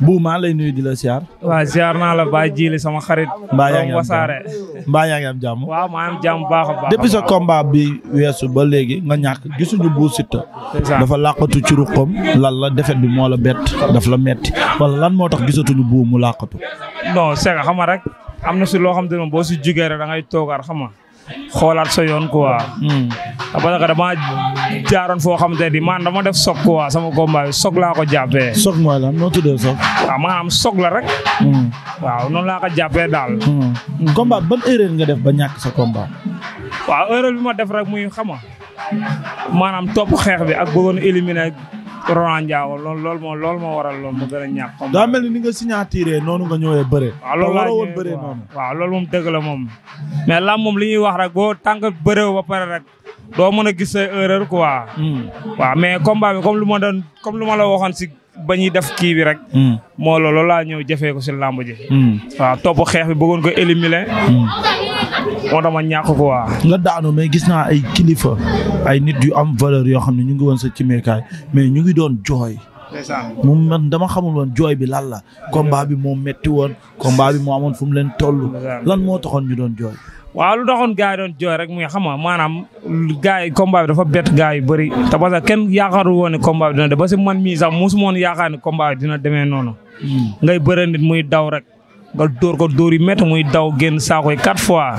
bu maa lay nuyu di la siyaar. waa siyaar naa la baa jiili sama xarit. baa yaa ngi am wasaare. mbaa yaa ngi am jàmm. waaw maa jàmm baax a baax. depuis sa combat bi weesu ba léegi nga ñàkk gisuñu Bou Siteu. dafa làqatu ci ruqam lan la defet bi moo la bett daf la metti wala lan moo tax gisatuñu Bou mu làqatu. non c'est que xam nga rek am na si loo xam te ne boo si jugee rek da ngay toogaat xam nga xoolaat sa yoon quoi. Hmm. parce que dama jaaroon foo xamante ni man dama def soog quoi sama combat bi soog laa ko jàppee. soog mooy lan noo tuddee soog. waaw ah, maanaam soog la rek. Hmm. waaw noonu laa ko jàppee daal. Hmm. combat ban erreur nga def ba ñàkk sa combat. waaw erreur bi ma def rek muy xama maanaam topp xeex bi ak bëggoon éliminer. Roland Ndiago lool loolu moo loolu moo waral loolu mu gën a ñàkk combat. daa mel ni ni nga signature noonu nga ñëwee bëre. waaw loolu laa woon bëree noonu. waaw loolu moom dëgg la moom. mais lam moom li ñuy wax rek boo tànk bëree ba pare rek. doo mën a gis say erreur quoi. Hmm. waaw mais combat bi comme lu ma doon comme lu ma la waxoon si ba ñuy def kii bi rek. Hmm. moo loolu laa ñëw jafee ko si làmb ji. Hmm. waaw topp xeex bëggoon ko éliminer. moo tax ma ñàkk quoi. nga daanu mais gis naa ay kilifa ay nit yu am valeur yoo xam ne ñu ngi woon sa cimeekaay mais ñu ngi doon jooy. mu man dama xamul woon jooy bi lan la. combat bi moo metti woon. combat bi moo amoon fu mu leen toll. lan moo taxoon ñu doon jooy. waaw lu taxoon gars yi doon jooy rek muy xam nga maanaam gars yi combat dafa bet gars yu bëri. te parce que kenn yaakaaru woon ne combat bi dina de ba mii sax mosuma woon yaakaar ne combat bi dina demee noonu. Hmm. ngay bëre muy daw rek. nga dóor ko dóor yi métti muy daw génn saako yi quatre fois.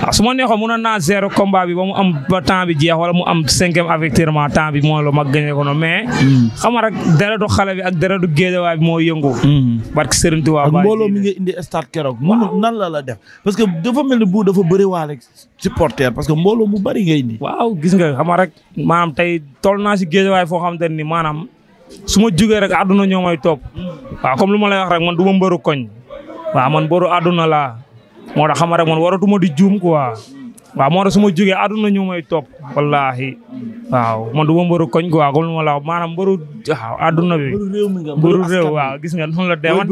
waaw su ma neexoon mënoon naa zéro combat bi ba mu am ba temps bi jeex wala mu am cinquième avertissement temps bi moo la ma gagné ko noonu mais. Hmm. xam nga rek dara du xale bi a dara du géejawaay bi moo yëngu. Hmm. barke Serigne Touba ak mbooloo mi nga indi stade keroog. mun nan la la def parce que dafa mel ni bu dafa bëri waale supporter parce que mbooloo mu bëri ngay indi. waaw gis nga xam nga rek maanaam tey toll naa si géejawaay foo xamante ne ni maanaam su ma jugee rek àdduna ñoo may topp. Hmm. waaw comme lu ma lay ma mbëru koñ. waa man boru àdduna laa moo tax xam rek man waratuma di juum quoi waaw moo tax su ma jógee àdduna ñu may topp wallaahi waaw man du ma mbëru koñ quoi comme lu ma la wax maanaam mbëru waaw àdduna bi. mbëru réew waaw gis nga noonu la deman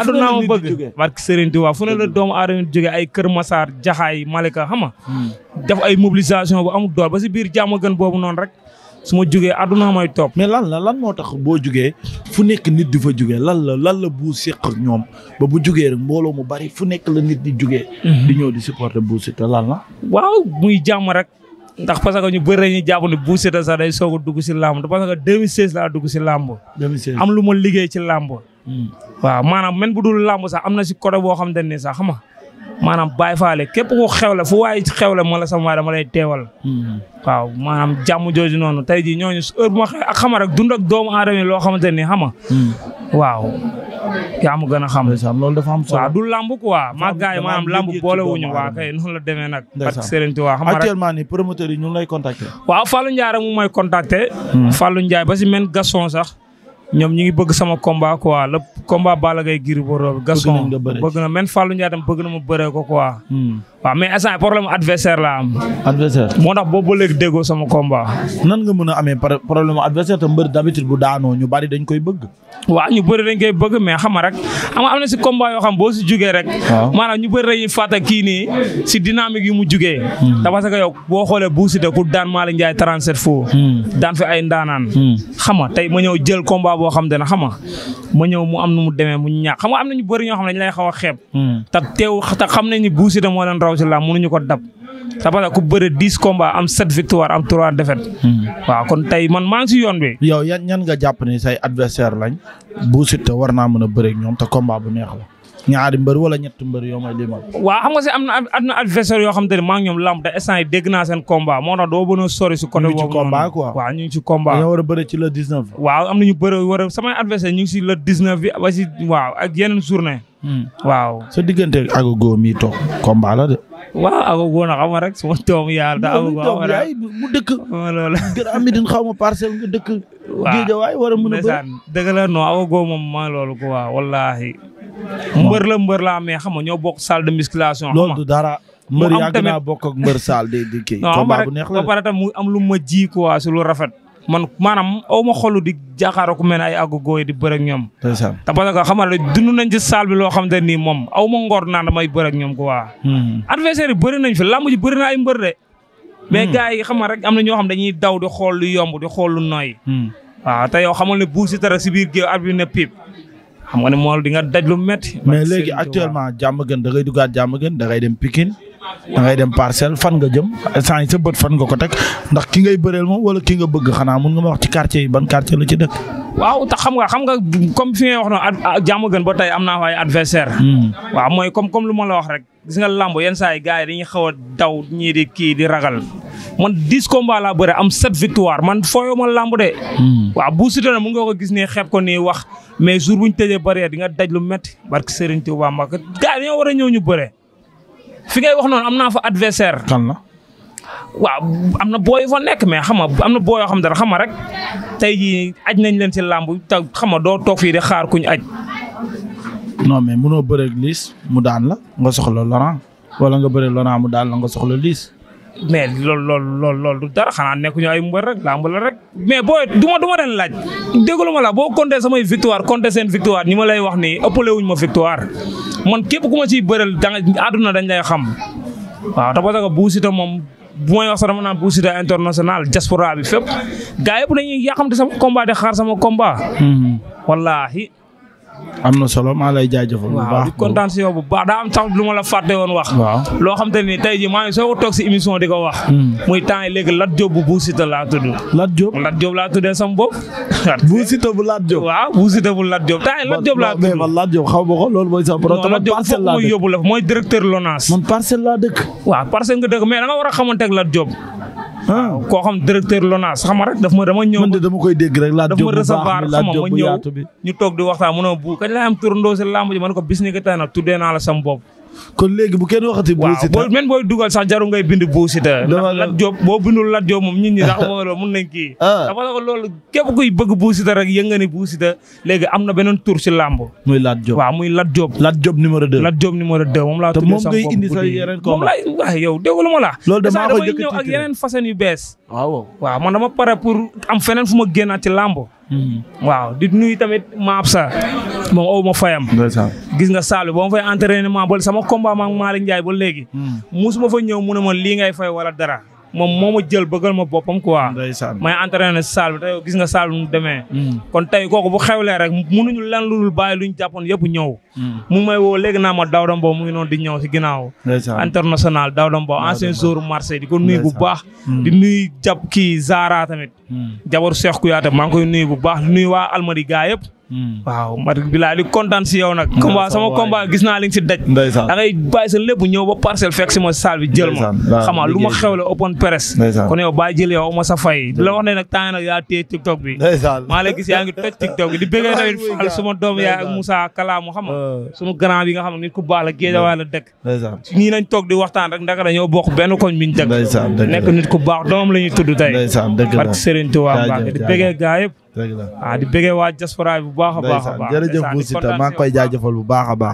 àdduna ma bëgg barke Serigne Touba fu ne la doomu aadama jógee ay Kër Massar Jaxaay Malika xam nga hmm. ay mobilisation bu am dool ba si biir jàmm gën boobu noonu rek su ma jugee àdduna mooy topp. mais lan la lan moo tax boo jugee fu nekk nit di fa jugee lan la lan la Bou séq ak ñoom ba bu jugee rek mbooloo mu bari fu nekk la nit di jugee. Mhm. di ñëw di Bou Siteu lan la. waaw muy jàmm rek. ndax parce que ñu bëri ñu jàpp ne Bou Siteu sax day soog a dugg si làmb parce que 2016 laa dugg si làmb. 2016 am lu ma liggéey ci làmb. Hmm. waaw maanaam même bu dul làmb sax am na si côté boo xamante ne sax xam nga maanaam bàyyi faale képp ku xewle fu waaye xewle ma la sama waay dama lay teewal. Mm-hmm. waaw maanaam jàmm jooju noonu tey jii ñooñu heure bu ma xëy ak xama rek dund ak doomu aadama yi loo xamante ne xama mm. waaw yaa ma gën a xam. ndeysaan loolu dafa am du lamb quoi. maa gaay maanaam lamb boolewuñu waa kay noonu la demee nag. ndeysaan parce que Serigne Touba xam actuellement nii promoteurs yi ñu ngi lay contacter. waaw Fallou Ndiaye rek mu may contacter. Mm. Fallou Ndiaye ba si men sax. ñoom ñi ngi bëgg sama combat quoi le combat Balla Gaye Gris Bordeaux bi Gaston bëgg na man Fallou Ndiaye tam bëgg na mu bëree ko quoi. Hmm. waaw mais instant problème adversaire la am. moo tax boobu ba léegi sama combat. nan nga mën a amee problème adversaire te mbër d'habitude bari dañ koy bëgg. waaw ñu bëri dañ koy bëgg mais xam rek xam nga si combat yoo xam boo si jugee rek. maanaam ñu bëri dañuy fàtte kii si dynamique yu mu jugee. Hmm. te parce que yow boo xoolee buusite boo xam te ne ma ñëw mu am nu mu demee mu ñaax xam nga am na ñu bëri ñoo xam ne lay xaw a xeeb. Hmm. te teew te xam nañ ni Bou Siteu moo leen raw si laa mënuñu ko dab. te parce que ku bëre dix combats am sept victoire am trois défaites. Hmm. waaw kon tey man maa ngi si yoon bi. yow yan ñan nga jàpp ni say adversaire lañ. Bou Siteu war naa mën a bëre ak ñoom te combat bu neex la. ñaari mbër wala ñetti mbër yoo may limal. am na am yoo xam te ne maa ngi ñoom lamb da instant yi dégg naa seen combat moo tax doo mën a sori ñu ngi ci combat quoi waaw ñu ngi ci combat. dañoo war a bëri ci le 19. am na ñu bëri war a samay adversaire ñu ngi si le 19 bi ba si waaw ak yeneen hmm. diggante agogo mi to combat la de. waaw agogo na xam nga rek sama doomu yaay da agogo xam nga mu dëkk. loolu gën a xaw ma parcelle nga dëkk. waaw géej waay a mën a bëri. dëgg la non agogo moom ma loolu quoi mbër la mbër laa mais xam nga ñoo bokk salle de musculation. xam nga loolu du dara. mbër yàgg naa bokk ak mbër salle di di kii. combat bu neex la ba mu am lu ma ji quoi si lu rafet. man maanaam aw ma xolu di jàkkaaroo ku mel ne ay agogo yi di bëre ak ñoom. ndeysaan te parce que xam nga dund nañ ci salle bi loo xamante nii moom aw ma ngor naan damay bëre ak ñoom quoi. Hmm. adversaire yi bëri nañ fi lamb ji bëri na ay mbër de. mais hmm. gars yi rek am na ñoo xam dañuy daw di xool yomb di xool nooy. Hmm. waaw te yow xamal ne buusi si biir géew at xam nga ne mool di nga daj lu metti mais léegi actuellement jàmm gën da ngay duggaat jàmm gën dem Pikine da ngay dem parcelle fan nga jëm saa sa bët fan nga ko teg ndax ki ngay bëreel moom wala ki nga bëgg xanaa mun nga ma wax ci quartier yi ban quartier la ci dëkk. waaw tax xam nga xam nga comme fi ngay wax noonu jàmm gën ba tey am naa waaye adversaire. Hmm. waaw mooy comme lu ma la wax rek gis nga lamb yenn saa yi gars yi dañuy a daw ñii di kii di ragal. man dix combats laa bëre am sept victoire man fooyoo ma lamb de. Hmm. waaw bu sutee na mun nga ko gis ne xeeb ko nii wax mais jour bu ñu tëjee barrière di nga daj lu métti barke Serigne Touba a fi ngay wax noonu am naa fa adversaire. kan la. waaw am na booy yu fa nekk mais xam nga am na booy yoo xam dara xam nga rek tey jii aj nañ leen si làmb te xam nga doo toog fii di xaar kuñ aj. non mais munoo bëre liis mu daan la nga soxla Laurent wala nga bëre Laurent mu daan la nga soxla liis. mais loolu loolu loolu loolu du dara xanaa nekkuñu ay mbër rek làmb la rek. mais booy du ma du ma leen laaj déglu ma la boo compté samay victoire compté seen victoire ñi ma lay wax nii ëppale wuñ ma victoire. man képp ku si ciy bëreel da nga àdduna dañ lay xam waaw te parce que Bou Siteu moom bu may wax sax dama naan Bou Siteu international diaspora bi fépp gaa yëpp dañuy yàqamte sama combat di xaar sama combat. Mhm. wallaahi. am na solo maa lay jaajëfal a baax di kontaan si yow bu baax daa am sax lu ma la fàtte woon wax waaw loo xam te ni tey jii maa ngi soo ko toog si émission di ko wax hmm. muy temps yi léegi Lat Diop bu Bou Siteu laa tudd Lat Diop Lat Diop bu Lat waaw Bou bu Lat Diop temps yi Lat Diop laa tudd man Lat Diop xaw mooy sax borom tamit parcelle laa mooy yóbbu la mooy directeur LONASE man parcelle laa dëkk waaw parcelle nga dëkk mais da nga war a Ah. koo xam directeur LONASE xam nga rek daf ma dama ñëw. man de dama koy dégg rek laaj jóg bu baax mi laaj bi daf ma recevoir xam nga ma ñëw ñu toog di waxtaan mu ne bu kañ laa am turandoo si làmb ji ma ne ko bis ni ko tey nag tuddee naa la sam bopp kon léegi bu kenn waxati. Bou Siteu waaw même booy dugal sax jaru ngay bind Bou Siteu. ndax Lat Diop boo bindul Lat Diop moom nit ñi sax moo la kii. Ah. dafa ne ko loolu képp kuy bëgg Bou Siteu rek yënga léegi am na beneen tur si làmb. muy Lat Diop muy Lat joob Lat Diop moom laa. te moom ngay indi sa yeneen ko moom laay waaye yow déglu ma la. loolu de maa koy jëkk ñëw ak yeneen façon yu bees. waa waaw man dama pare pour am feneen fu ma génnaat ci làmb Mm-hmm. waaw di nuyu tamit maab sa moom ma fayam gis nga saalu ba ma fay entraînement ba sama combat maak Malick Ndiaye ba léegi mm. musuma fa ñëw mu ne ma lii ngay fay wala dara moom moo ma jël bëggal ma boppam quoi. ndeysaan may entraîné si saal bi gis nga saal mu demee. Mm. kon tey ko bu xewlee rek mënuñu lan lu dul bàyyi luñ jàppoon yëpp ñëw. Mm. mu may woo léegi naa ma Daouda Mbow mu ngi noonu di ñëw si ginnaaw. international Daouda Mbow ancien joueur Marseille di ko nuyu bu baax. Mm. di nuyu jàpp kii Zara tamit. jabaru Cheikh Kouyaté maa ngi koy nuy bu baax nuy waa Almadi gaa yëpp. Hmm. waaw ma bilaa di kontaan si yow nag. Hmm. combat sama combat gis naa li si daj. ndeysaan da ngay bàyyi sa lépp ñëw ba parcelle fekk si ma saal bi jël ma. xam nga lu ma xewle open press. kon yow baa jël yow ma sa fay. di la wax ne nag temps nag yaa téye TikTok bi. maa lay gis yaa ngi toj TikTok bi di bëggee tamit Fall suma doom yaay ak Moussa Kalaamu xam nga. Euh. sunu grand bi nga xam ne nit ku baax la géejawaay la dëkk. nii nañ toog di waxtaan rek ndaka dañoo bokk benn koñ bi ñu dëkk. nekk nit ku baax doom la ñuy tudd tey. barke Serigne Touba Mbacke di bëggee gaa dëgg la ah di bëggee waa diaspora bu baax a baax a baax jërëjëf Bou Siteu maa ngi koy jaajëfal bu baax a baax